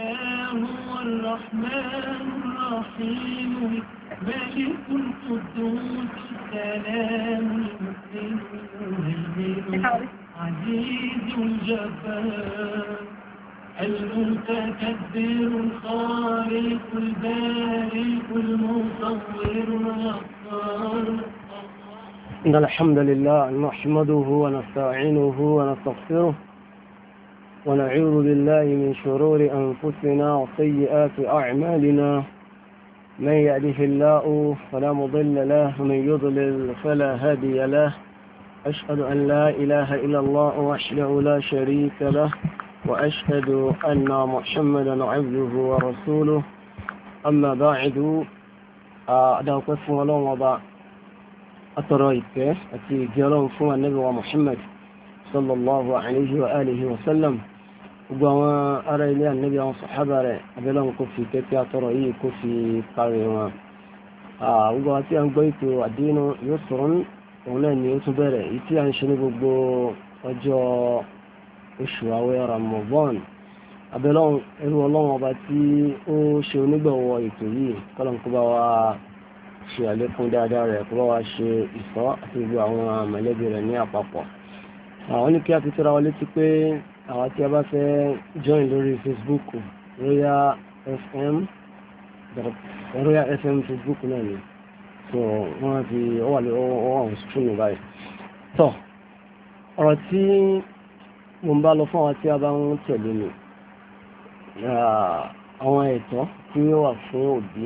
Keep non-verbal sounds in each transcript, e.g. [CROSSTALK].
هو الرحمن الرحيم ملك القدوس سلام المؤمن عزيز الجبار المتكبر الخالق البارئ المصور الغفار إن الحمد لله نحمده ونستعينه ونستغفره ونعوذ بالله من شرور أنفسنا وسيئات أعمالنا من يعده الله فلا مضل له ومن يضلل فلا هادي له أشهد أن لا إله إلا الله وحده لا شريك له وأشهد أن محمدا عبده ورسوله أما بعد قسم ولو وضع أترأيك أتي جلو فوى النبي ومحمد صلى الله عليه وآله وسلم gbogbo àwọn ará ilé ànábi àwọn sàhábà rẹ̀ abẹ́lẹ́wọn kò fi kẹ́kẹ́ àtọ̀rọ̀ yìí kò fi parí wọn. gbogbo àti à ń gbọ́ ètò àdínú yóò sọ̀rọ̀ òun náà ni ó tún bẹ̀rẹ̀ èyí tí à ń ṣe ní gbogbo ọjọ́ oṣù àwẹ̀ Ramadan abẹ́lọ́run ẹrú ọlọ́run ọba tí ó ṣe onígbọ̀wọ́ ètò yìí kọ́lọ́n kó bá wa ṣe àlékún dáadáa rẹ̀ kó bá wa ṣe ìsọ́ àti gbogbo àwọn mọ̀lẹ́bí rẹ̀ ní àpapọ̀. àwọn ní kí a fi tẹ́ra wa létí pé àwọn tí a bá fẹ́ join lórí facebook royal fm royal fm facebook náà ni so wọ́n fi ọwà lé ọwà àwọn stream báyìí tọ́ ọ̀rọ̀ tí mo ń bá lọ fún àwọn tí a bá ń tẹ̀lé mi àwọn ẹ̀tọ́ tí ó wà fún òbí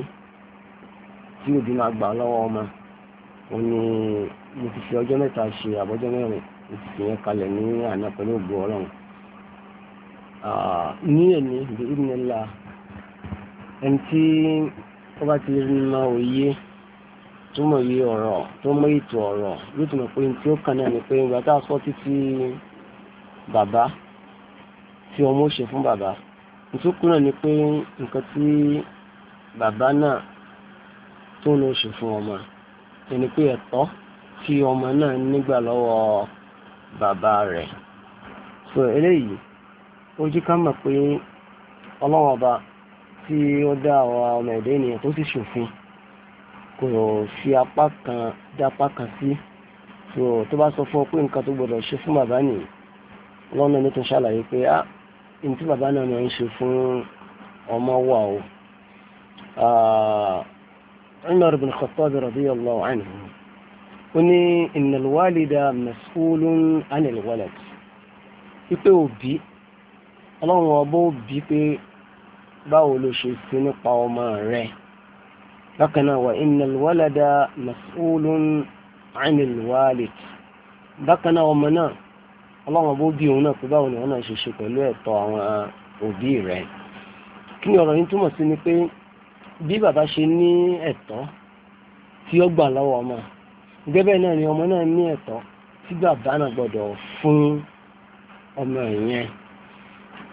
tí òbí máa gbà lọ́wọ́ ọmọ ó ní mo ti fi ọjọ́ mẹ́ta ṣe àbọ̀jọ́ mẹ́rin mo ti fi yẹn kalẹ̀ ní àná pẹ̀lú ògbó ọlọ́run ní ẹ̀ní bí ìrìnlá ẹni tí ó bá ti rí ma òye tó mọ̀ yí ọ̀rọ̀ tó mọ̀ ètò ọ̀rọ̀ yóò tún mọ̀ pé tí ó kàn náà ni pé ìgbà tá a sọ títí bàbá tí ọmọ ṣe fún bàbá ìtúkù náà ni pé nǹkan tí bàbá náà tó ń ṣe fún ọmọ ẹni pé ẹ̀tọ́ tí ọmọ náà nígbà lọ́wọ́ bàbá rẹ̀ so eléyìí ojú ká mọ̀ pé ọlọ́wọ́n ọba tí ó dá àwa ọmọ ẹ̀dá ènìyàn tó sì ṣòfin kò fi apá kan dá apá kan sí tó bá sọ fún ọ pé nǹkan tó gbọdọ̀ ṣe fún bàbá nìyí lọ́nà ní tó ṣàlàyé pé á ní tí bàbá náà ń ṣe fún ọmọ wà o Umar bin Khattab radiyallahu anhu ó ní innal walida mas'ulun anil walad ipe òbí ọlọ́run ọbọ̀ bí pé báwo ló ṣe sí nípa ọmọ rẹ bákan náà wà innal walada mas'ulun 'anil ọmọ náà ọlọ́run ọbọ̀ bí òun náà pé báwo ni wọ́n náà ṣe ṣe pẹ̀lú ẹ̀tọ́ àwọn òbí rẹ̀ kí ni ọ̀rọ̀ yìí túmọ̀ sí ni pé bí bàbá ṣe ní ẹ̀tọ́ tí ó gbà lọ́wọ́ ọmọ gẹ́gẹ́ náà ọmọ náà ní ẹ̀tọ́ tí bàbá náà gbọ́dọ̀ fún ọmọ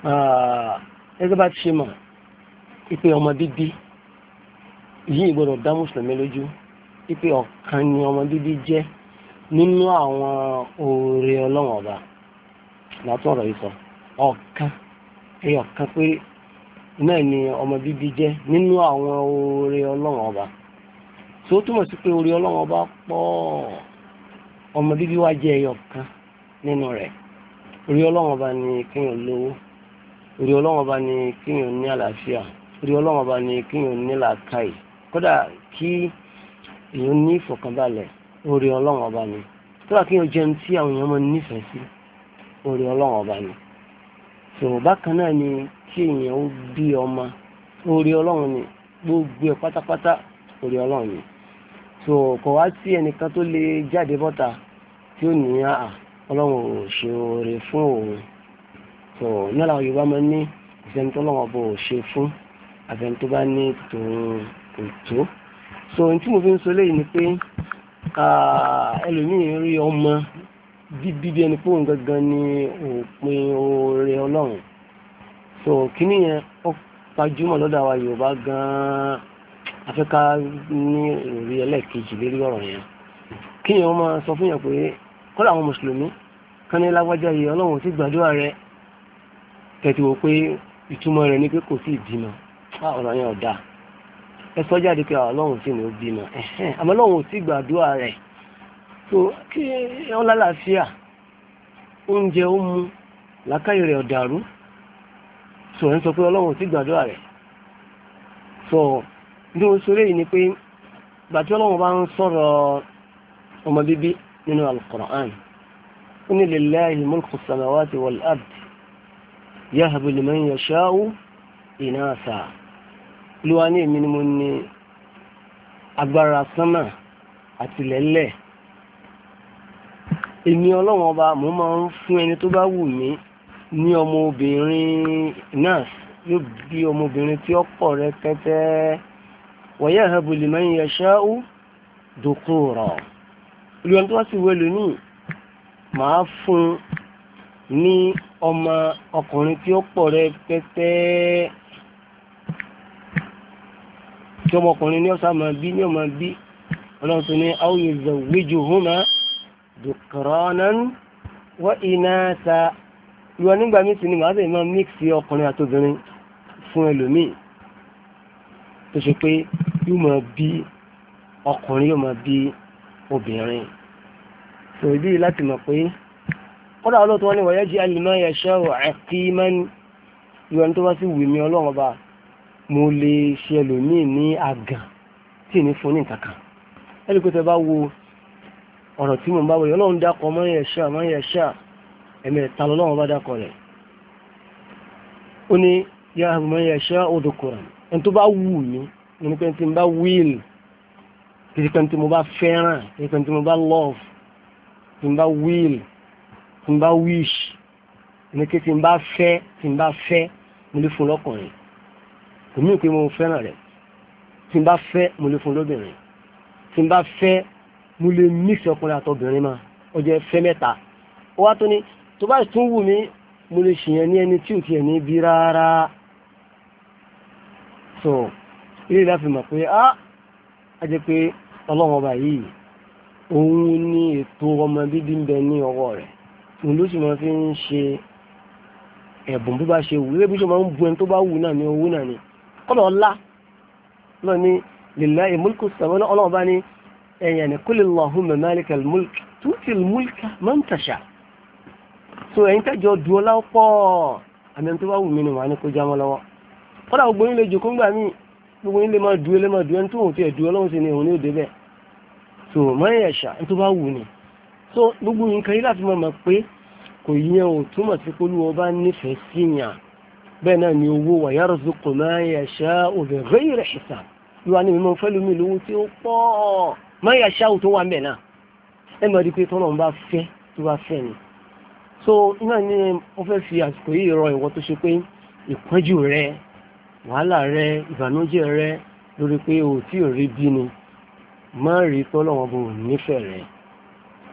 gẹ́gẹ́ bá ti ṣe mọ̀ ipe ọmọ bíbí yìí gbọ́dọ̀ dá mùsùlùmí lójú ipe ọ̀kan ni ọmọ nínú àwọn oore ọlọ́wọ̀n ọba látọ̀ ọ̀rọ̀ yìí ọ̀kan ẹyọ pé náà ni ọmọ bíbí nínú àwọn oore ọlọ́wọ̀n ọba tí ó ọba pọ̀ ọmọ wá jẹ́ nínú ọba ni rí ọlọ́wọ́n bá ní kíyàn ní àlàáfíà rí ọlọ́wọ́n bá ní kíyàn ní làákàyè kódà kí èèyàn ní ìfọ̀kànbalẹ̀ orí ọlọ́wọ́n bá ní kódà kíyàn jẹun tí àwọn èèyàn máa nífẹ̀ẹ́ sí orí ọlọ́wọ́n bá ní. sọ̀rọ̀ bákan náà ni kí èèyàn ó bí ọmọ orí ọlọ́run ni gbogbo ẹ̀ pátápátá orí ọlọ́run ni so kò wá sí ẹnìkan tó lè jáde bọ́ta tí ó ní àà ọlọ́run ò ṣe oore fún òun so náà làwọn yorùbá máa ń ní ìsẹ́ni tó lọ́wọ́ bò ṣe fún àfẹ́ni tó bá ní tòun ètò so n tí mo fi ń sọ léyìí ni pé ẹlòmíì rí ọmọ bíbí ẹni pé òun gangan ni òpin oore ọlọ́run so kíní yẹn ó gbajúmọ̀ lọ́dọ̀ àwa yorùbá gan-an afẹ́ká ní ìròrí ẹlẹ́ẹ̀kejì lérí ọ̀rọ̀ yẹn kíyàn ọmọ sọ fún yàn pé kọ́lá àwọn mùsùlùmí kan yìí ọlọ́run ò ti gbàdúrà rẹ̀ kẹtì wò pé ìtumọ̀ rẹ̀ ní pé kò sí ìbímọ ah, ọ̀rọ̀ yẹn ọ̀dà ẹ sọ jáde pé ah, ọlọ́run sì ní ó bímọ àmọ́ ọlọ́run ò sì gbàdúrà rẹ̀ tó kí ọ lálàáfíà oúnjẹ ó mu làákàyè rẹ̀ ọ̀dàrú sọ ẹ sọ pé ọlọ́run ò sì gbàdúrà rẹ̀ sọ bí mo sọ ni pé gbàtí ọlọ́run bá ń sọ̀rọ̀ ọmọ bíbí nínú Al-Qur'an ó ní lillahi mulku samawati wal ard yahbu liman yasha'u inasa olúwa ní èmi ni mo ní agbára sánmà àti lẹ́lẹ̀ èmi ọlọ́run ọba mo máa ń fún ẹni tó bá wù mí ní ọmọbìnrin náà yóò bí ọmọbìnrin tí ó pọ̀ rẹpẹtẹ wa yahbu liman yasha'u dhukura olúwa tó wá sí wẹ́lú ní màá fún ní ọmọ ọkùnrin tí ó pọ̀ rẹ pẹ́pẹ́ tí ọmọkùnrin ní ọ̀sán máa bí ní ọmọ bí ọlọ́run tó ní áwòye zọ̀gbéjò húnmá dùkọ̀rọ̀nán wọ́n iná ta ìwọ nígbà mí sí ni màá bẹ̀rẹ̀ máa mixi ọkùnrin àtobìnrin fún ẹlòmíì tó ṣe pé yóò máa bí ọkùnrin yóò máa bí obìnrin tòbí láti mọ̀ pé kọ́dà ọlọ́tọ́ wọn ni wọ́n yẹ́ jí alìmọ́ yẹ ṣẹ́rọ̀ àkímẹ́ni ìwọ̀n tó bá sì wù mí ọlọ́run ọba mo lè ṣe ẹlòmíì ní àgàn tí ì ní fún ní kankan ẹni pé tẹ bá wo ọ̀rọ̀ tí mo bá wọ̀ ọlọ́run dákọ̀ mọ́ yẹ ṣá mọ́ yẹ ṣá ẹ̀mẹ̀ ta lọ́lọ́run ọba dákọ̀ rẹ̀ ó ní yá mọ́ yẹ ṣá odò kùràn ẹni tó bá wù mí ẹni pé tí mo bá wíìlì kìtìkan tí mo bá fẹ́ràn kìtìkan tí mo bá lọ́ọ̀fù tí mo bá wíìlì tí n bá wish ní kí tí n bá fẹ́ tí n bá fẹ́ mo lè fún lọ́kùnrin kò mí pé mo fẹ́ràn rẹ̀ tí n bá fẹ́ mo lè fún lóbìnrin tí n bá fẹ́ mo lè mix ọkùnrin àtọbìnrin ma ọjọ́ fẹ́ mẹ́ta ó wá tó ní tó bá tún wù mí mo lè ṣèyàn ní ẹni tí ò tiẹ̀ ní bí rárá so ilé ìlà fi mọ̀ pé á a jẹ́ pé ọlọ́run ọba yìí òun ní ètò ọmọ bíbí ń bẹ ní ọwọ́ rẹ̀ òun ló sì máa fi ń ṣe ẹ̀bùn bí bá ṣe wù ilé bí ṣe máa ń bu ẹni tó bá wù náà ní owó náà ni kọ́nà ọlá lọ ní lillahi mulku samawati ọlọ́run bá ní ẹ̀yàn ní qul Allahumma malikal mulk tu'til mulka man tasha so ẹ̀yin tẹ́jọ du ọlá pọ̀ àmì ẹni tó bá wù mí ni wà ní kó jámọ́ mọ́ ẹ̀yà ṣà ẹni so gbogbo nǹkan yìí láti mọ̀ pé kò yẹ ò túmọ̀ sí pé bá nífẹ̀ẹ́ sí yàn bẹ́ẹ̀ náà ni owó wa yarzuqu man yasha'u bi ghayri hisab ìwà ni mímọ́ fẹ́lú mi lówó tí ó pọ̀ man yasha'u tó wà mẹ́ẹ̀ náà ẹ mọ̀ rí pé tọ́lọ̀ ń bá fẹ́ tó bá fẹ́ ni so iná ni wọ́n fẹ́ fi àsìkò yìí rọ ìwọ tó ṣe pé ìpọ́njú rẹ wàhálà rẹ ìbànújẹ́ rẹ lórí pé o ò rí bí ni má rí tọ́lọ̀ bò nífẹ̀ẹ́ rẹ̀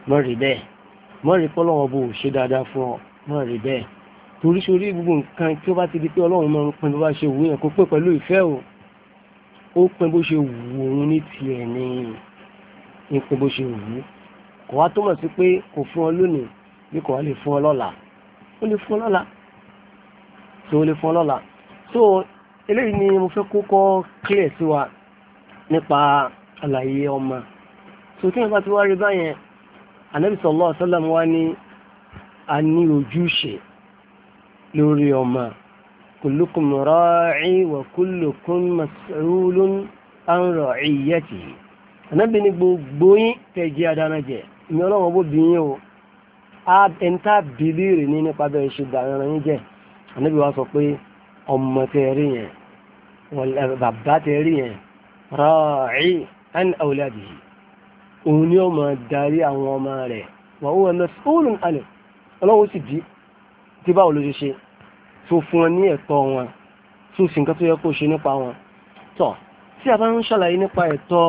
mọ́ rí bẹ́ẹ̀ mọ́ rí pé ọlọ́run bò ṣe dáadáa fún ọ mọ́ rí bẹ́ẹ̀ torí sórí gbogbo nǹkan tí ó bá ti di pé ọlọ́run máa ń pin bó bá ṣe wù yẹn kó pé pẹ̀lú ìfẹ́ o ó pin bó ṣe wù òun ní tiẹ̀ ní ní pin bó ṣe wù ú kò wá tó mọ̀ sí pé kò fún ọ lónìí bí kò wá lè fún ọ lọ́la ó lè fún ọ lọ́la tó lè fún ọ lọ́la so eléyìí ni mo fẹ́ kó kọ́ clear sí wa nípa àlàyé ọmọ so tí wọn bá ti wá rí báyẹn anabi sallallahu alaihi wasallam wá ní a ní ojúṣe lórí ọmọ kullukum ra'i wa kullukum mas'ulun an ra'iyatihi anabi ní gbogbo yín tẹ̀jẹ́ adánájẹ́ ìmọ̀ ọlọ́wọ́ bó bí yín o ẹ̀ńtà bìlírì ní nípa bẹ́ẹ̀ ṣe dàrán yín jẹ́ anabi wá sọ pé ọmọ tẹ́ẹ̀rí yẹn bàbá tẹ́ẹ̀rí yẹn ra'i an awladihi òun ni ó máa darí àwọn ọmọ rẹ̀ wà ó ẹ̀mẹ́ fóònù alẹ̀ ọlọ́wọ́ sì dí tí báwo ló ṣe ṣe tó fún ọ ní ẹ̀tọ́ wọn tó sì nǹkan tó yẹ kó ṣe nípa wọn tọ́ tí a bá ń ṣàlàyé nípa ẹ̀tọ́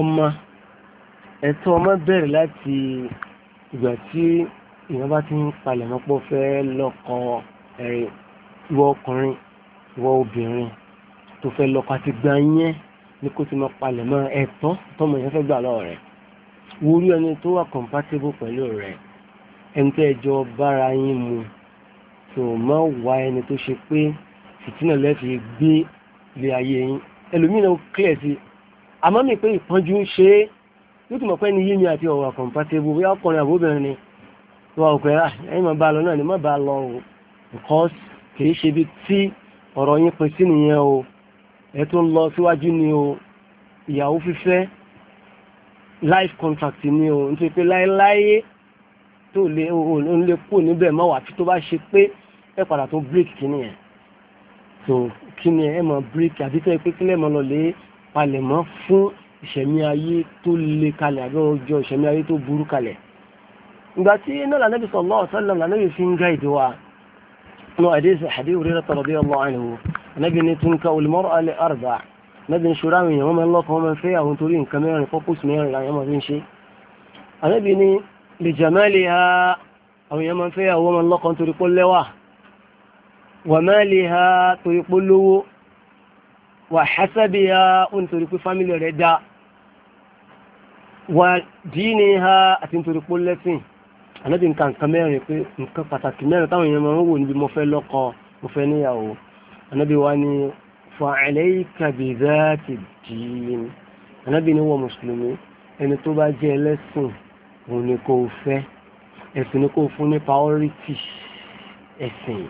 ọmọ ẹ̀tọ́ ọmọ bẹ̀rẹ̀ láti ìgbà tí èèyàn bá ti ń palẹ̀ mọ́pọ́ fẹ́ lọ́kọ ẹ̀rẹ̀ ìwọ ọkùnrin ìwọ obìnrin tó fẹ́ lọ́kọ àti gbà yẹn ní kó ti máa palẹ̀ mọ́ ẹ̀tọ́ tọmọ yẹn fẹ́ gbà lọ́wọ́ rẹ̀ wo orí ẹni tó wà compatible pẹ̀lú rẹ̀ ẹni tó ẹjọ́ bára yín mu tó má wá ẹni tó ṣe pé fìtínà lẹ́fi gbé ilé ayé yín ẹlòmíràn ó clear sí àmọ́ mi pé ìpọ́njú ń ṣe é yóò tún mọ̀ pé ní yémi àti ọ̀wà compatible bóyá ọkùnrin àbóbìnrin ni wà òpè rà ah, ẹ̀yìn máa bá a lọ náà ni má bá a lọ o because kì í ṣe ibi tí ọ̀rọ̀ yín pin sí nìyẹn o ẹ tó ń lọ síwájú ni o ìyàwó fífẹ́ life contract ni o n tó pé láéláé tó lè òun lè kú níbẹ̀ mọ́ wà tí tó bá ṣe pé ẹ padà tó break kíni ẹ̀ so kíni ẹ mọ̀ break àbí tó yẹ pé kílẹ̀ mọ́ lọ lè palẹ̀mọ́ fún ìṣẹ̀mí ayé tó le kalẹ̀ àbí ọjọ́ ìṣẹ̀mí ayé tó burú kalẹ̀ ìgbà tí iná lànàbì sallallahu alaihi wasallam lànàbì fi ń gáìdì wa nù àdéhùn àdéhùn rírẹ́ radiyallahu anhu anábì ní túnká olùmọ́rọ̀ alẹ́ àrùbá anábì ní ṣòro àwọn èèyàn wọn máa ń lọ́kàn wọn máa ń fẹ́ àwọn torí nǹkan mẹ́rin pọ́pọ́sì mẹ́rin làwọn máa fi ń ṣe anábì ní lè jàmẹ́lì ha àwọn èèyàn máa ń fẹ́ àwọn máa ń lọ́kàn torí pọ́ lẹ́wà wàmẹ́lì ha torí pọ́ lówó wà hasabi ha ó nítorí pé fámìlì rẹ̀ dá wà táwọn èèyàn máa ń wò níbi mo fẹ́ lọ́kọ mo fẹ́ níyàwó anábì wa ni fa'alayka bi dhati ddin anábì ni wọ́n mùsùlùmí ẹni tó bá jẹ́ ẹlẹ́sìn òun ni kò fẹ́ ẹ̀sìn ni kò fún ní priority ẹ̀sìn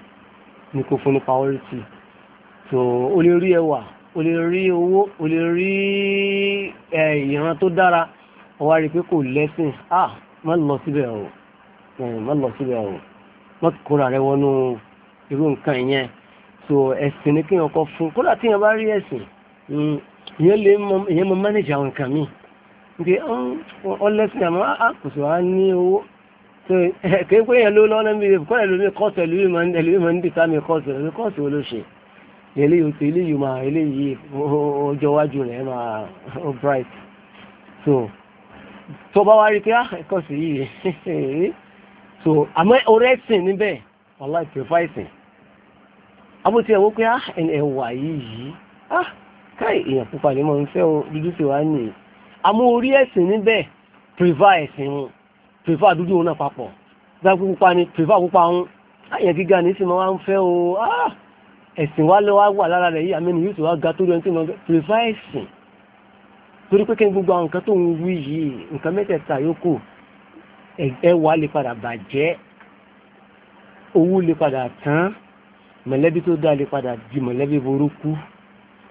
ni kò fún ní priority so o lè rí ẹwà o lè rí owó o lè rí ìran tó dára ọwá rí pé kò lẹ́sìn ah má lọ síbẹ̀ o má lọ síbẹ̀ o má kóra rẹ wọnú irú nǹkan yẹn so ẹ̀sìn ní kí n ọkọ̀ fún kódà tí yẹn bá rí ẹ̀sìn mm, ìyẹn lè mọ ìyẹn mọ mẹ́nẹ̀jì àwọn nǹkan mi mm, nke ọlẹ́sìn àmọ́ àkùsù ah, ah, wa ní owó [LAUGHS] kéé pé yẹn ló lọ́nà mi kọ́ ẹlòmí kọ́ọ̀sì ẹlòmí máa ń dìtà mi kọ́ọ̀sì ẹlòmí kọ́ọ̀sì olóṣè eléyìí oṣù eléyìí máa eléyìí ọjọ́ iwájú rẹ̀ máa [LAUGHS] bright so tó bá wá rí pé ẹ̀kọ́ ah, sí yìí [LAUGHS] so àmọ́ orí ẹ̀sìn níbẹ̀ wàláì pẹ̀fà ẹ̀sìn abótí ẹ̀wọ́ pé ah, ẹ̀wà yìí ah, káì èèyàn pupa ni mo ń fẹ́ dúdú sí wa nì àmú orí ẹ̀sìn níbẹ̀ pèvà ẹ̀sìn wọn pèvà dúdú wọn náà papọ̀ gbàgbé pupa ni pèvà pupa wọn àyàn ah, gíga ní sì máa ń fẹ́ o ẹ̀sìn wa lọ́wọ́ wà lára rẹ̀ yìí àmì yóò sì wá ga torí ẹni tí mo pèvà ẹ̀sìn torí pé kí n gbogbo àwọn nǹkan tó ń wí yìí nǹkan mẹ́tẹ̀ẹ̀ta yòókù ẹ̀wà lè padà bàjẹ́ owó lè padà tán mọ̀lẹ́bí tó dáa lè padà di mọ̀lẹ́bí burúkú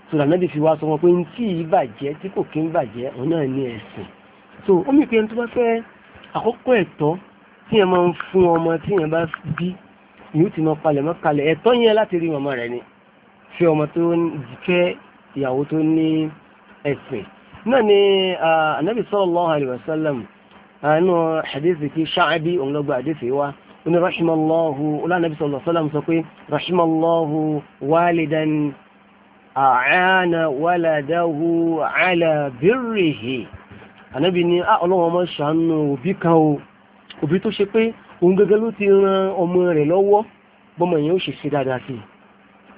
sọ̀rọ̀ ànábì fi wá sọ wọn pé tí ì bàjẹ́ tí kò kí ń bàjẹ́ òun náà ní ẹ̀sìn so ó mì pé ẹni tó bá fẹ́ àkọ́kọ́ ẹ̀tọ́ tí ẹ máa ń fún ọmọ tí ẹ bá bí ni ó ti máa palẹ̀ mọ́ kalẹ̀ ẹ̀tọ́ yẹn láti rí màmá rẹ̀ ni fẹ́ ọmọ tó fẹ́ ìyàwó tó ní ẹ̀sìn náà ni ànábì sallallahu alaihi wasallam àánú hadith kí Sha'bi òun lọ́gbà hadith wa oní rahimallahu olánàbí sallallahu alaihi wasallam sọ pé rahimallahu walidan àánà waladahu ala birrihi ànábì ni á ah, ọlọ́wọ́n mọ́ ṣàánú òbí kan o òbí tó ṣe pé òun gẹ́gẹ́ ló ti ran ọmọ rẹ̀ lọ́wọ́ bọ́mọ yẹn ó ṣe ṣe dáadáa sí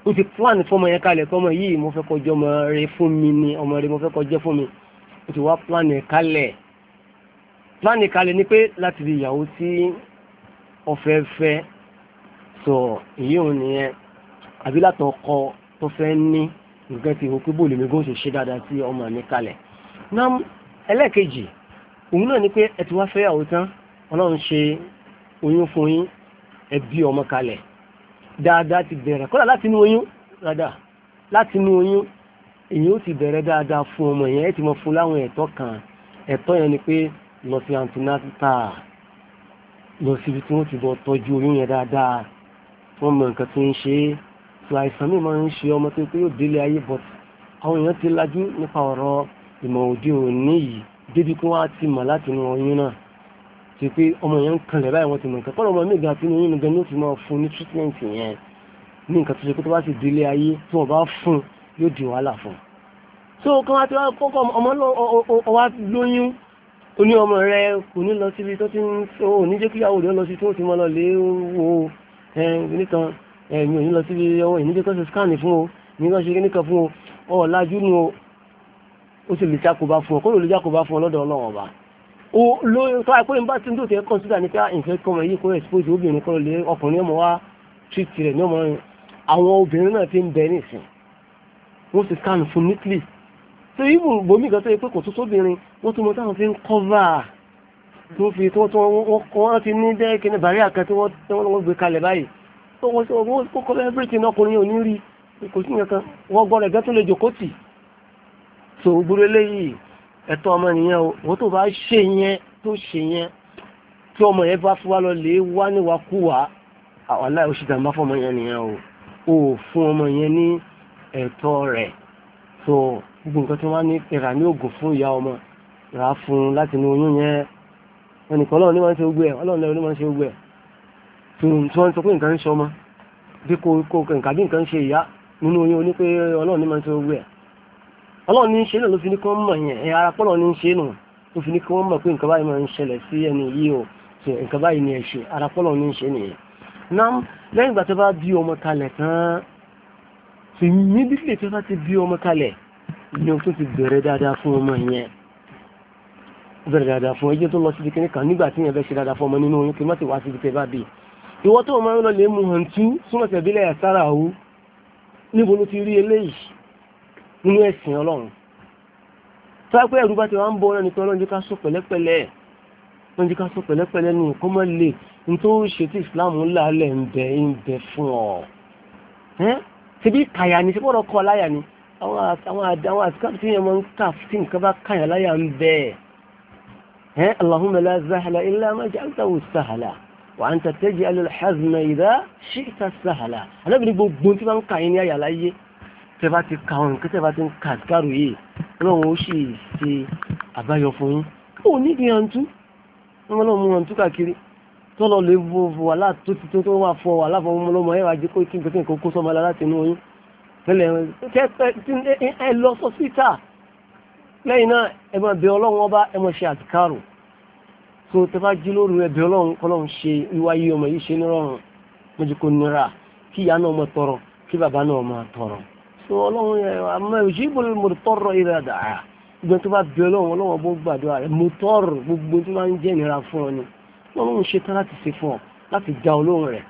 ó ti plan fọmọ yẹn kalẹ̀ fọmọ yìí mo fẹ́ kọjọ́ ọmọ rẹ̀ fún mi ni ọmọ rẹ̀ mo fẹ́ kọjọ́ fún mi ó ti wá plan kalẹ̀ plan kalẹ̀ ni pé láti di ìyàwó sí ọfẹ́ fẹ́ sọ èyí òun nìyẹn àbí látọ̀ ọkọ tó fẹ́ ní nǹkan ti òkú bò lèmi góòsù ṣe dáadáa sí ọmọ mi kalẹ̀ náà ẹlẹ́ẹ̀kejì òun náà ni pé ẹ ti wá fẹ́yàwó tán ọlọ́run ṣe oyún fún yín ẹ bí ọmọ kalẹ̀ dáadáa ti bẹ̀rẹ̀ kọ́lá láti inú oyún dáadáa láti inú oyún èyí ó ti bẹ̀rẹ̀ dáadáa fún ọmọ yẹn ẹ ti mọ fún láwọn ẹ̀tọ́ kan ẹ̀tọ́ yẹn ni pé lọ sí antinata lọ síbi tí wọ́n ti bọ́ tọ́jú oyún yẹn dáadáa wọ́n mọ nǹkan tó ń ṣe é tó àìsàn mi máa ń ṣe ọmọ tó pé yóò délé ayé bọ́t àwọn èèyàn ti lajú nípa ọ̀rọ̀ ìmọ̀ òde òní yìí débi kí wọ́n á ti mọ̀ láti inú oyún náà ti pé ọmọ yẹn ń kanlẹ̀ báyìí wọ́n ti mọ̀ nǹkan kọ́ ọmọ mi ga tí oyún gan yóò fi máa fún ní treatment yẹn ní nǹkan tó ṣe pé tó bá sì délé ayé tí wọ́n bá fún yóò di wàhálà fún un. so kí wọ́n ti wá kọ́kọ́ ọmọ lóyún ó ní ọmọ rẹ kò ní lọ síbi tó ti ń ó ní jẹ́ kíyàwó rẹ lọ sí tó ti mọ́ lọ lé wo nìkan ẹ̀mí ò ní lọ síbi ọwọ́ ìníjẹ́ kọ́sẹ̀ skáàni fún o ní kọ́ ṣe nìkan fún o ọ̀làjú nu o ó sì lè jákòbá fún ọ kó ló lè jákòbá fún ọ lọ́dọ̀ ọlọ́run o ló tó àìpé ń bá ti ń tó tẹ kọ́nsídà ní pé ìfẹ́ ah, kọ́mọ yìí kó expose obìnrin kọ́ lé ọkùnrin ọmọ wa treat rẹ̀ ní ọmọ àwọn obìnrin náà ti ń bẹ nísìn wọ́n sì scan fún nucleus so ibù bomi kan tó yẹ pé kò tó sóbìnrin wọ́n tó mọ táwọn fi ń kọ́và tó fi tó tó wọ́n ti ní bẹ́ẹ̀ kí ni bàrí àkà tí wọ́n gbé kalẹ̀ báyìí tó wọ́n tó wọ́n kó kọ́ ẹ́bírìtì náà ọkùnrin ò ní rí kò sí nǹkan kan wọ́n gbọ́ rẹ̀ gẹ́ tó lè jòkó tì so gbúrú eléyìí ẹ̀tọ́ ọmọ o wọ́n tó bá ṣe yẹn tó ṣe yẹn tí àwọn aláìwọ̀ṣìdàmbá fọmọ yẹn nìyẹn o ò fún ọmọ yẹn ní ẹ̀tọ́ rẹ̀ so gbogbo nǹkan tí wọ́n ní ẹ̀rà ní oògùn fún ìyá ọmọ rà á fún un láti inú oyún yẹn ẹnìkan ọlọ́run ní máa ń ṣe gbogbo ẹ̀ ọlọ́run lẹ́rọ ní máa ń ṣe gbogbo ẹ̀ tó ń tí wọ́n sọ pé nǹkan ń ṣe ọmọ bí kò kò nǹkan bí nǹkan ń ṣe ìyá nínú oyún oní pé ọlọ́run ní máa ń ṣe gbogbo ẹ̀ ọlọ́run ní ń ṣe náà ló fi ní kí wọ́n mọ̀ yẹn ẹ̀ ara pọ́lọ́ ní ń ṣe nù ló fi ní kí wọ́n mọ̀ pé nǹkan báyìí máa ń ṣẹlẹ̀ sí ẹni yìí o ṣe nǹkan báyìí ni ẹ̀ ṣe ara pọ́lọ́ ní ń ṣe nìyẹn náà lẹ́yìn ìgbà tó bá bí ọmọ kalẹ̀ tán so immediately tó bá ti bí ọmọ kalẹ̀ ìyẹn tó ti bẹ̀rẹ̀ dáadáa fún ọmọ yẹn bẹ̀rẹ̀ dáadáa fún ẹjẹ́ tó lọ síbi kíní kan nígbà tí yẹn bẹ́ ṣe dáadáa fún ọmọ nínú oyún kí má ti wá síbi tẹ́ bá bí ìwọ tó máa ń lọ lè mú hàn tú súnmọ́ tẹ̀bílẹ̀ àsára òwú níbo ló ti rí eléyìí nínú ẹ̀sìn ọlọ́run sápẹ́ ẹ̀rú bá ti wá ń bọ́ náà nípa ọlọ́run ká sọ pẹ̀lẹ́pẹ̀lẹ́ wọ́n ká sọ pẹ̀lẹ́pẹ̀lẹ́ nù kó má le ní tó ṣe tí ìsìláàmù ńlá alẹ́ ń bẹ ń bẹ fún ọ síbí kàyà ni síbí ọ̀rọ̀ kọ́ láyà ni àwọn àdáwọn àsìkáàbù tí yẹn mọ́ ń kà tí nǹkan bá kàyà láyà ń bẹ́ ẹ̀ Allahumma la sahla illa ma ja'altahu sahla wa anta taj'alu al-hazna idha shi'ta sahla alábìrin gbogbo tí wọ́n ń kà yín ní àyà láyé tẹ́ bá ti kà wọn kẹ́tẹ́ bá ti ń kà àsìkáàrù yìí ọlọ́run ó sì ṣe àbáyọ fún yín ó nídìí hàntú wọn lọ́ mú hàntú káàkiri tó lọ lè wo wàhálà tó ti tó wà fọ wàhálà fọ ọmọ ọmọ ẹ wà jẹ kó kí n kò kó sọmọ ẹ láti inú oyún fẹlẹ ẹ lọ sọ síta lẹ́yìn náà ẹ máa bẹ ọlọ́run ọba ẹ máa ṣe àtìkárò tó tẹ bá jí lóru ẹ bẹ ọlọ́run kọlọ́run ṣe wíwáyé ọmọ yìí ṣe nírọ̀rùn mọ́jú kó nira kí ìyá náà mọ̀ tọrọ kí bàbá náà mọ̀ tọrọ so ọlọ́run yẹ àmọ́ òṣìbò mo tọrọ ìrẹ́ àdá gbogbo tó bá bẹ ọlọ́run ọlọ́run ọba ó gbàdúrà rẹ mo tọrọ gbogbo tó bá ń jẹ́ ìnira fún ọ ni ọlọ́run ṣe tán láti ṣe fún ọ láti já olóhùn rẹ̀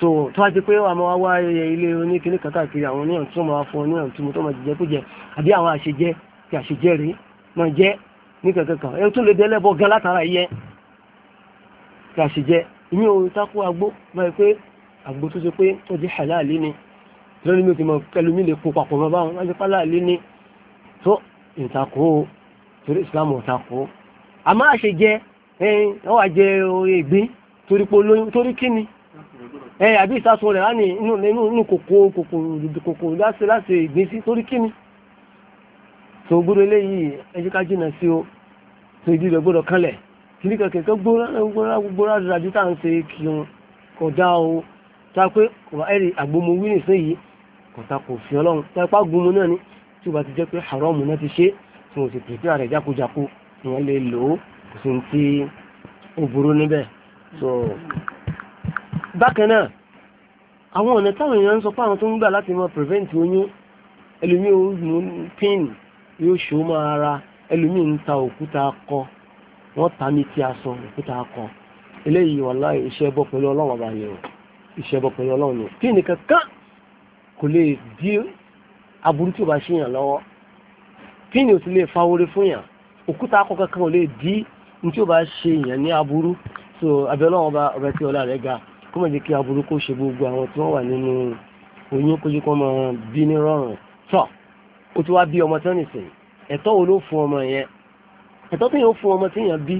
so tó wá ti pé àwọn wá ilé oníkíní kàkàkiri àwọn oníyàn tó máa fún oníyàn tó máa jẹ kó jẹ àbí àwọn àṣejẹ kí àṣejẹ rèé máa jẹ ní kankan ẹ tún lè dẹ́lẹ́bọ gan látara yẹ kí àṣejẹ ìyẹn ò takò àgbo báyìí pé àgbo tó ṣe pé ó jẹ halali ni lórí mi ò ti mọ ẹlòmí lè kó papọ̀ mọ́ báwọn wájú halali ni tó ìtakò torí ìsìlámù ò àmọ́ àṣejẹ ẹ̀yìn wọ́n jẹ oye torí pé olóyún torí kí ni ẹ̀yìn àbí rẹ̀ ní inú kòkó kòkó láti láti ìgbín sí torí kí ni tó eléyìí ẹjẹ́ ká jìnà o tó ìdí rẹ̀ gbọ́dọ̀ kanlẹ̀ kí ní kẹ̀kẹ́ tó gbóra tá à o a pé ẹ̀rì àgbomu wí nìsín yìí kò ta kò fi ọlọ́run o bá ti jẹ́ pé haram náà ti ṣe tí àrẹ̀ jákujàku lè lò ó kò sí tí ó burú níbẹ̀ so bákan náà àwọn ọ̀nà táwọn èèyàn ń sọ pé àwọn tó ń gbà láti máa prevent oyún ẹlòmíì ó nu yóò ṣó máa ara ẹlòmíì ń ta òkúta akọ wọ́n ta ní tí aṣọ òkúta akọ eléyìí wàláhì iṣẹ́ bọ́ pẹ̀lú ọlọ́run ọba yẹn o iṣẹ́ bọ́ pẹ̀lú ọlọ́run yẹn pain kankan kò lè di aburú tí o bá ṣe yàn lọ́wọ́ pain ò sì lè fa oore fún yàn òkúta akọ kankan ò lè di ní tí ó bá ṣe èèyàn ní aburú so abiola wọn bá ọbẹ tí ọlá rẹ̀ ga kó mọ̀ jẹ́ kí aburú kó ṣe gbogbo àwọn tí wọ́n wà nínú oyún kójú kọ́ mọ bí ní rọrùn tọ́ ó ti wá bí ọmọ tán nìsín ẹ̀tọ́ wo ló fún ọmọ yẹn ẹ̀tọ́ tó yẹn fún ọmọ tí yẹn bí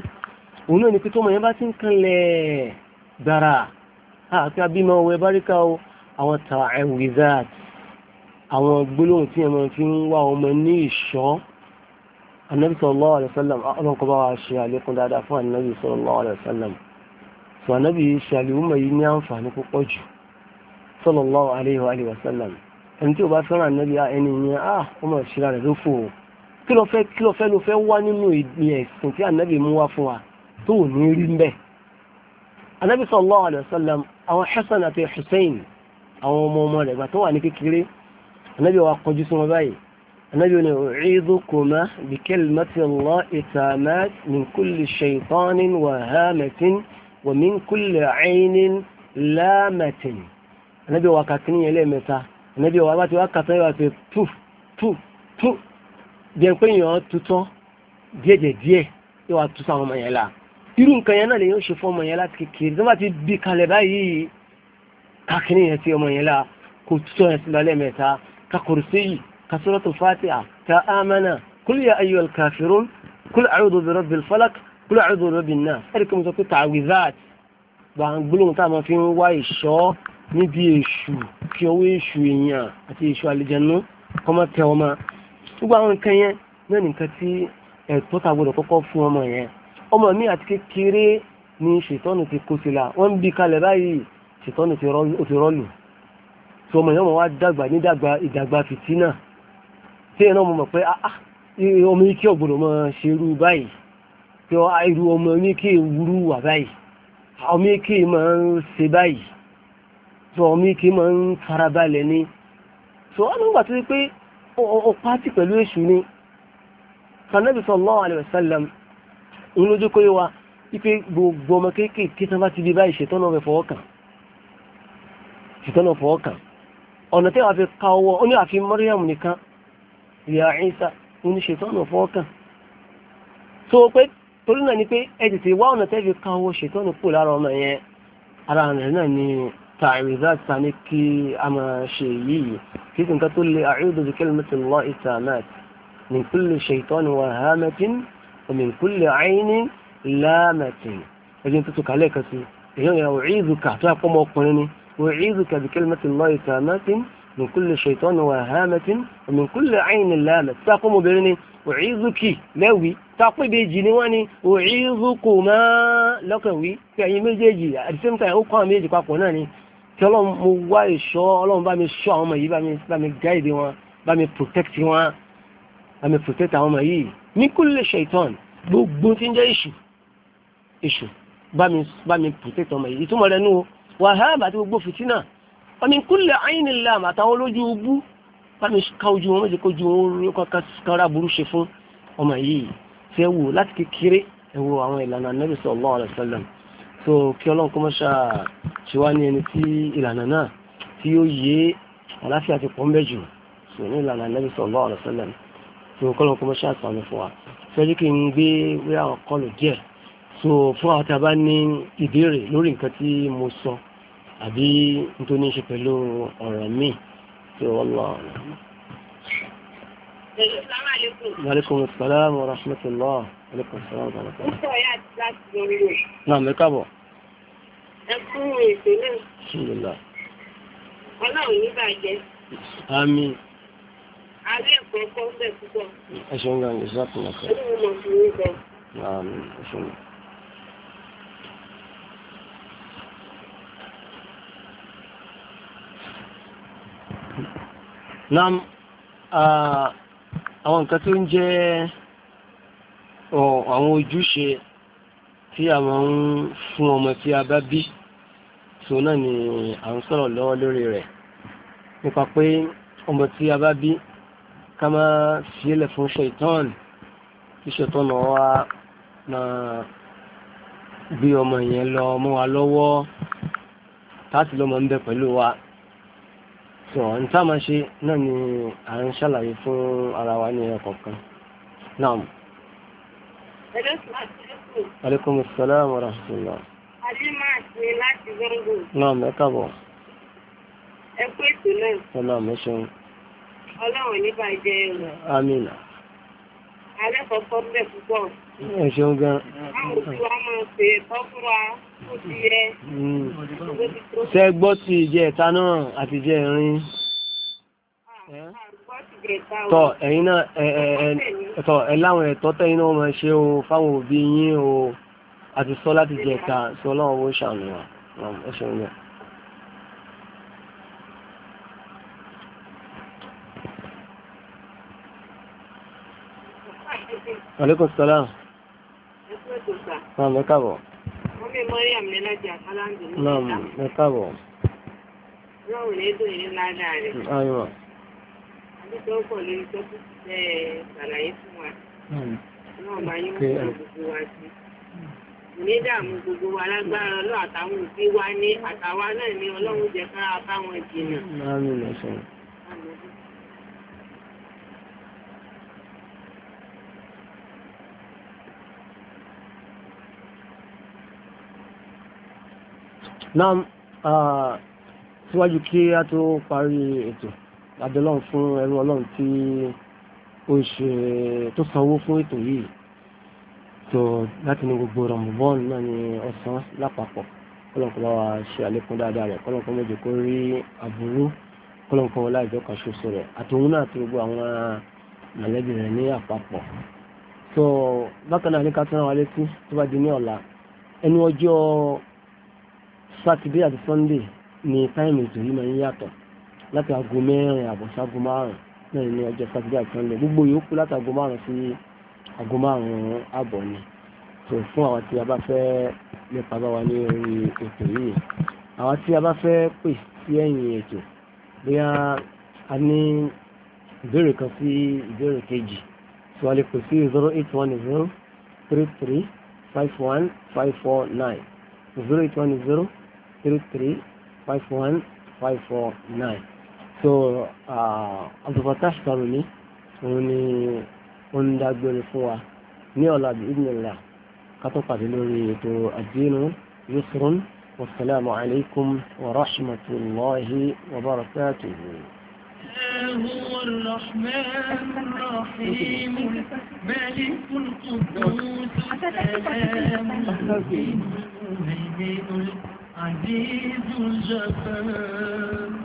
òun náà ni pé tọ́mọ yẹn bá ti ń kanlẹ̀ gbàrà àti abímọ ọwọ́ ẹ bá rí ká o àwọn tàà ẹ̀ wizard àwọn gbólóhùn tí yẹn máa fi ń wá ọmọ ní ìṣọ́ النبي صلى الله عليه وسلم أعلم قضاء الشيء عليكم دعا دعفوا النبي صلى الله عليه وسلم فالنبي الشيء عليهم ينيان فهنكو قج صلى الله عليه وآله وسلم ẹnití o bá fẹ́ràn ànábi ẹni yẹn ah ọmọ ìṣẹ̀lẹ̀ rẹ̀ ló fò ó kí ló fẹ́ kí ló fẹ́ ló fẹ́ wá nínú ẹ̀sìn tí ànábi mú wá fún wa tó ò ní rí mbẹ́. ànábi sallallahu alaihi wasallam àwọn Hasan àti Hussein àwọn ọmọ ọmọ rẹ̀ gbà tó wà ní kékeré ànábi wa kọjú sí wọn báyìí النبي نعيذكما بكلمة الله إتامات من كل شيطان وهامة ومن كل عين لامة النبي وكاكني إليه متى النبي واباتي وكاكني واباتي توف توف توف bí pé èèyàn tutọ́ díẹ̀díẹ̀ yóò wá tutọ́ àwọn ọmọ yẹn la irú nǹkan yẹn náà lè yóò ṣe fún ọmọ yẹn láti kékeré tó bá ti bí kalẹ̀ báyìí kákìnìyàn ti ọmọ yẹn la kò tutọ́ yẹn sí lọ lẹ́ẹ̀mẹ́ta kakùrù sí yìí كسورة الفاتحة كآمنا كل يا أيها الكافرون كل أعوذ برب الفلك كل أعوذ برب الناس أركم تقول تعويذات وأنقلون تعمل في وايشو níbi èṣù kí ọwọ́ èṣù èèyàn àti èṣù àlejànú kọmọ tẹ ọmọ gbogbo àwọn nǹkan yẹn náà nìkan tí ẹ̀tọ́ ta gbọdọ̀ kọ́kọ́ fún ọmọ yẹn ọmọ mi àti kékeré ni ṣètọ́nù ti kó sí la wọ́n ń bi kalẹ̀ báyìí ṣètọ́nù ti rọ́lù tí ọmọ yẹn wọ́n wá dàgbà nídàgbà ìdàgbà fìtínà tí ẹ̀nà mo mọ̀ pé ah, ah, ọmọ ikí ọ̀gbọ̀dọ̀ mọ́ ṣe irú báyìí pé ah, irú ọmọ ikí wúrú wà báyìí ọmọ ikí máa ń ṣe báyìí tó ọmọ ikí máa ń farabalẹ̀ ni tó ọmọ ìgbà tó ṣe pé ó pátì pẹ̀lú èṣù ni sanabi sallallahu alaihi wasallam ń lójú kó yẹ wa ipe gbogbo ọmọ kéékèèké tán bá ti di báyìí ṣètọ́nà ọ̀fẹ́ fọwọ́ kàn ṣètọ́nà ọ̀fọwọ́ ọ̀nà tí wàá fi ka ọwọ́ ó ní àfi Maryam nìkan ìyá àìsà nínú ṣètọ́nù fọ́ọ̀kàn so pé torí náà ni pé ẹ tètè wá ọ̀nà tẹ́fi ká owó ṣètọ́nù kù lára ọmọ yẹn ara rẹ̀ náà ni tàìrìzá ta ní kí a máa ṣe yìí kí sì nǹkan tó lè a'udhu bi kalimati llahi tammati min kulli من كل شيطان وهامة ومن كل عين لامة تقوم برني أعيذك لوي تقوي بيجيني واني أعيذكما لكوي يعني مجيجي أرسم تاي أقوى ميجي قاقوناني تلوم مواي شو ألوم بامي شو عما يي بامي بامي جايدي وان بامي بروتكتي وان بامي بروتكت عما يي من كل شيطان gbogbo tí ń jẹ́ ìṣù ìṣù bá mi bá mi pòtẹ́tọ̀ ọmọ yìí ìtumọ̀ rẹ̀ nú ọmọ ìkúlẹ̀ àyínilẹ̀ àtàwọn olójú ubú bámi ká ojú wọn méjì kójú wọn kanra burú ṣe fún ọmọ yìí tí ẹ wò láti kékeré ẹ wò àwọn ìlànà Ànábì sallallahu alaihi wasallam so kí ọlọ́run kọ́ mọ́ṣá ṣe wá ní ẹni tí ìlànà náà tí ó yé àláfíà ti pọ̀ ń bẹ̀ jù so ní ìlànà Ànábì sallallahu alaihi wasallam so kọ́ ọlọ́run kọ́ mọ́ṣá àtàwọn fún wa fẹ́jú kí n gbé wíwá àwọn díẹ̀ so fún àwọn tí a bá ní ìbéèrè lórí nǹkan tí mo sọ àbí tó ní ṣe pẹ̀lú ọ̀rọ̀ míì tí ó wọ́n lọ ọ̀nà. Aleykum salaam wa rahmatullah. Aleykum salaam wa rahmatullah. Mo àti láti lórí rẹ̀. Náà mẹ́ka bọ̀. Ẹ fún Alhamdulillah. Ọlọ́run ní bàjẹ́. Àmín. Alẹ́ ẹ̀kọ́ kọ́ bẹ̀ púpọ̀. Ẹ ṣeun nam àwọn nǹkan tó ń jẹ́ àwọn ojúṣe tí a máa ń fún ọmọ tí a bá bí so náà ni à ń sọ̀rọ̀ lọ́wọ́ lórí rẹ̀ nípa pé ọmọ tí a bá bí ká máa sílẹ̀ fún ṣaitan tí ṣaitan wa máa gbé ọmọ yẹn lọ mọ́ wa lọ́wọ́ táàtì lọ́mọ ń bẹ pẹ̀lú wa so n tá máa ṣe náà ni à ń ṣàlàyé fún ara wa ní ẹ̀kọ́ kan náà. aleykum salaam wa rahmatulah. alima ṣe láti gbọ́ngò. náà mẹ́ka bọ̀. ẹ kú ètò ọlọ́run ẹ ṣeun. ọlọ́run ní bàjẹ́ rẹ̀. amina alẹ́kọ̀ọ́kọ́ bẹ̀ púpọ̀. ẹ ṣeun gan. báwo tí wàá máa pè é fún wa kó ti yẹ. Mm. ṣe gbọ́ ti ìjẹ ẹ̀ta náà àti ìjẹ ah, ah, ìrìn. tọ ẹ̀yin náà ẹtọ ẹ láwọn ẹ̀tọ́ tẹ̀yin náà máa ṣe o fáwọn òbí yín o àti sọ láti jẹ ẹ̀ta sọ Ọlọ́run ó ṣàlùwà ẹ ṣeun gan. Aleykum salaam. Ẹkú ètò sà. Náà mẹ́ka bọ̀. Wọ́n Ọlọ́run ní dùn yín Ayọ̀. Àdúgbò pọ̀ lórí tọ́kù tẹ́ ṣàlàyé fún wa. Ọlọ́run bá yín wọ́n fún gbogbo wa sí. Ní gbogbo wa lágbára ọlọ́run àtàwọn òbí wa ní àtàwa náà ní ọlọ́run jẹ́ ká wọn jìnnà. Náà mi náà síwájú kí a tó parí ètò adọ́lọ́run fún ẹrú ọlọ́run tí ó ṣe tó sanwó fún ètò yìí tó láti ní gbogbo Ramadan náà ní ọ̀sán lápapọ̀ kọ́lọ́nkọ́ bá wa ṣe àlékún dáadáa rẹ̀ kọ́lọ́nkọ́ méje kó rí àbúrú kọ́lọ́nkọ́ wọn láìjọ kan ṣoṣo rẹ̀ àtòun náà àti gbogbo àwọn mọ̀lẹ́bí rẹ̀ ní àpapọ̀ tó bákan náà ní ká tún àwọn alétí tó bá di ní ọ̀la ẹnu ọjọ́ Saturday àti sunday ni táìmù ètò yìí máa ń yàtọ̀ láti aago mẹ́rin àbọ̀sá aago márùn náà ní ọjọ́ sátidé àti sunday gbogbo yòókù láti aago márùn sí aago márùn àbọ̀ ni tó fún àwọn tí a bá fẹ́ nípa bá wa ní orí ètò yìí àwọn tí a bá fẹ́ pè sí ẹ̀yìn ètò bóyá a ní ìbéèrè kan sí ìbéèrè kejì tí wọ́n lè pè sí zero eight one zero three three five one five four nine zero eight one zero. 035151549 so abdulfatah Sarumi òun ni ó ń dágbére fún wa ní ọ̀la ìdílé kátó pàdé lórí ètò àdínú yusrun wasalaamu alaykum wa rahmatulahi wa barakatuhu. هو الرحمن الرحيم ملك القدوس السلام المؤمن عزيز الجفاف